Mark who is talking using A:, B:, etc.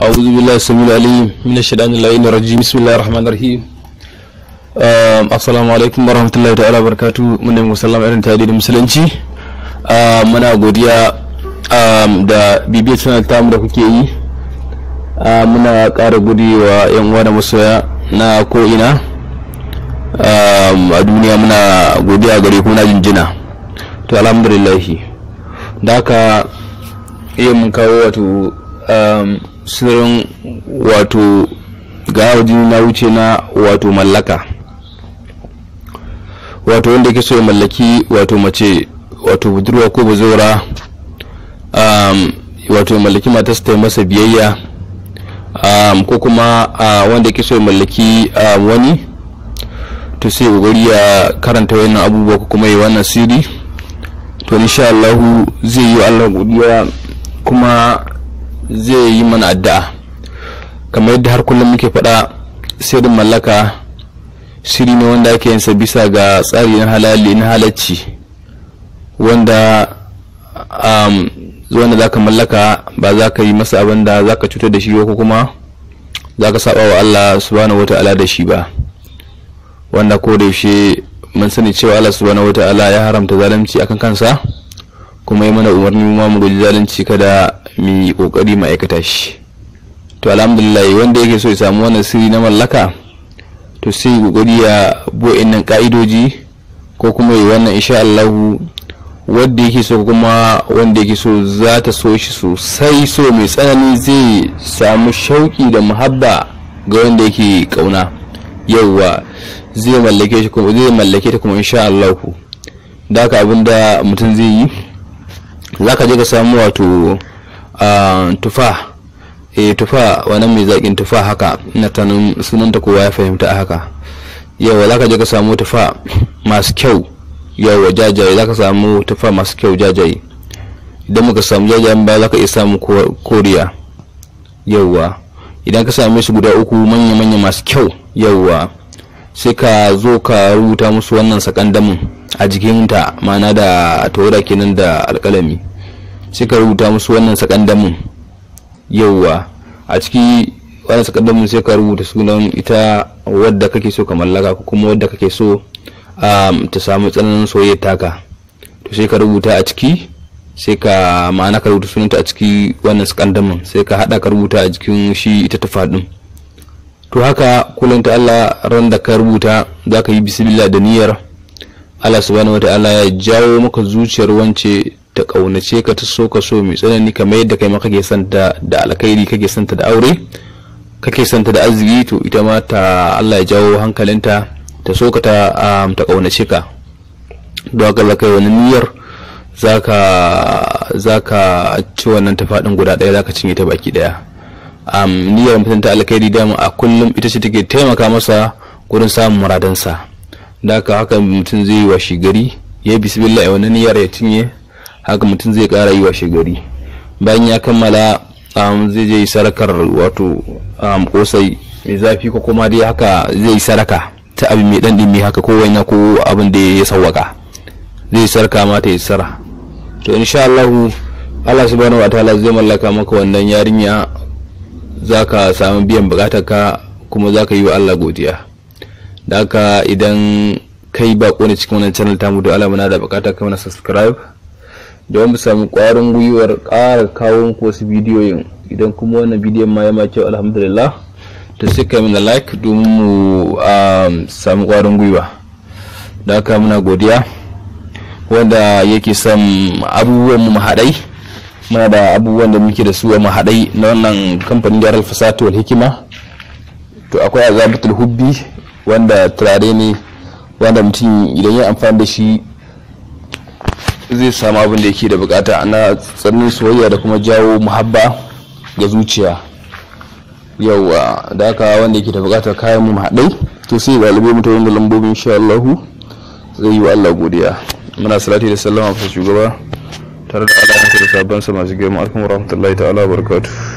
A: أعوذ بالله السميع العليم من الشيطان ne musallama irin tare musulunci muna godiya da tamu da kuke yi muna ƙara gudewa yan uwa na ko'ina a duniya muna godiya gare kuma na jinjina to da haka iya mun kawo Um, sirrin wato ga jini na wuce na wato mallaka wato wanda ke so ya mallaki wato mace wato budurwa ko bazora um, wato ya mallaki matarsa ta masa biyayya um, ko kuma wanda ke so ya mallaki wani to sai kokari ya karanta wannan abubuwa ko kuma yi wannan siri to insha Allah zai yi Allah godiya kuma zai yi mana addu'a kamar yadda har kullum muke faɗa sirrin mallaka shiri ne wanda ake yinsa bisa ga tsari na halali na halacci wanda um, wanda za ka mallaka ba za ka yi masa abin da za ka cutar da shi ko kuma za ka saba wa Allah subhanahu wata'ala da shi ba wanda ko da yaushe mun sani cewa Allah subhanahu wata'ala ya haramta zalunci akan kansa kuma ya mana umarni mu mu guji zalunci kada mu yi kokari mu aikata shi to alhamdulillah wanda yake so ya samu wannan sirri na mallaka to sai kokari ya bo nan ka'idoji ko kuma yi wannan insha Allah wanda yake so kuma wanda yake so za ta so shi sosai so mai tsanani zai samu shauki da muhabba ga wanda yake kauna yauwa zai mallake shi kuma zai mallake ta kuma insha Allah da haka abinda mutum zai yi za ka je ka samu wato Ah, tufa eh tufa wannan mai zaƙin tufa haka ina tanin sunanta kowa ya fahimta haka yawa za ka je ka samu tufa masu kyau yawa jajaye za ka samu tufa masu kyau jajaye idan muka samu jajayen ba za ka iya samu koriya yawa idan ka same su guda uku manya-manya masu kyau yawa sai ka zo ka rubuta musu wannan sakandamin a jikinta ma'ana da tawada kenan da alƙalami sai rubuta musu wannan sakandamin yauwa a ciki wannan sakandamin sai ka rubuta sunan ita wadda kake so ka mallaka ko kuma wadda kake so um, ta samu tsananin soyayya taka to sai ka rubuta a ciki sai ka ma'ana ka rubuta sunanta a ciki wannan sakandamin sai ka hada ka rubuta a jikin shi ita ta faɗin to haka kullum ta Allah ran da ka rubuta zaka yi bismillah da niyyar Allah subhanahu wataala ya jawo maka zuciyar wance ta kaunace ka ta so ka so mai tsanani kamar yadda kai ma kake santa da alkhairi kake santa da aure kake santa da arziki to ita ma ta Allah ya jawo hankalinta ta so ka ta um, ta ƙaunace ka don haka za kai wani niyyar za ka ci wannan tafaɗin guda ɗaya za ka cinye ta baki ɗaya um, niyyar mutum ta alkhairi dama a kullum ita ce take taimaka masa gurin samun muradansa da haka haka mutum zai yi washi gari ya yi bismillah ya wani niyyar ya cinye haka mutum zai kara yi washe gari bayan ya kammala um, zai je sarakar wato kosai um, mai zafi ko kuma dai haka zai yi saraka ta abin mai dan dimi haka ko wani ko abin da ya sawwaka zai sarka ma ta yi sara to insha Allah Allah subhanahu wataala zai mallaka maka wannan yarinya zaka samu biyan bukatar ka kuma zaka yi wa Allah godiya da haka idan kai ba ne cikin wannan channel tamu da Allah muna da bukatar ka mana subscribe don mu samu kwarin gwiwar ƙara kawo muku wasu bidiyoyin idan kuma wannan bidiyon ma ya ma kyau alhamdulillah ta sai ka mana like domin mu um, samu kwarin gwiwa da aka muna godiya wanda yake son abubuwan mu haɗai muna da abubuwan da muke da su a mahaɗai na wannan kamfanin gyarar fasatu wal hikima to akwai azabatul hubbi wanda turare ne wanda mutum idan ya amfani da shi zai samu abin da yake da bukata ana tsanin soyayya da kuma jawo muhabba ga zuciya yauwa da aka wanda yake da bukata kayan mu haɗai to sai ga alibai mutane lambobin wanda lambobi insha Allah zai yi wa Allah godiya muna salati da sallama ga shugaba tare da alaƙa da sabon sa masu girma alhamdulillah ta'ala barakatuh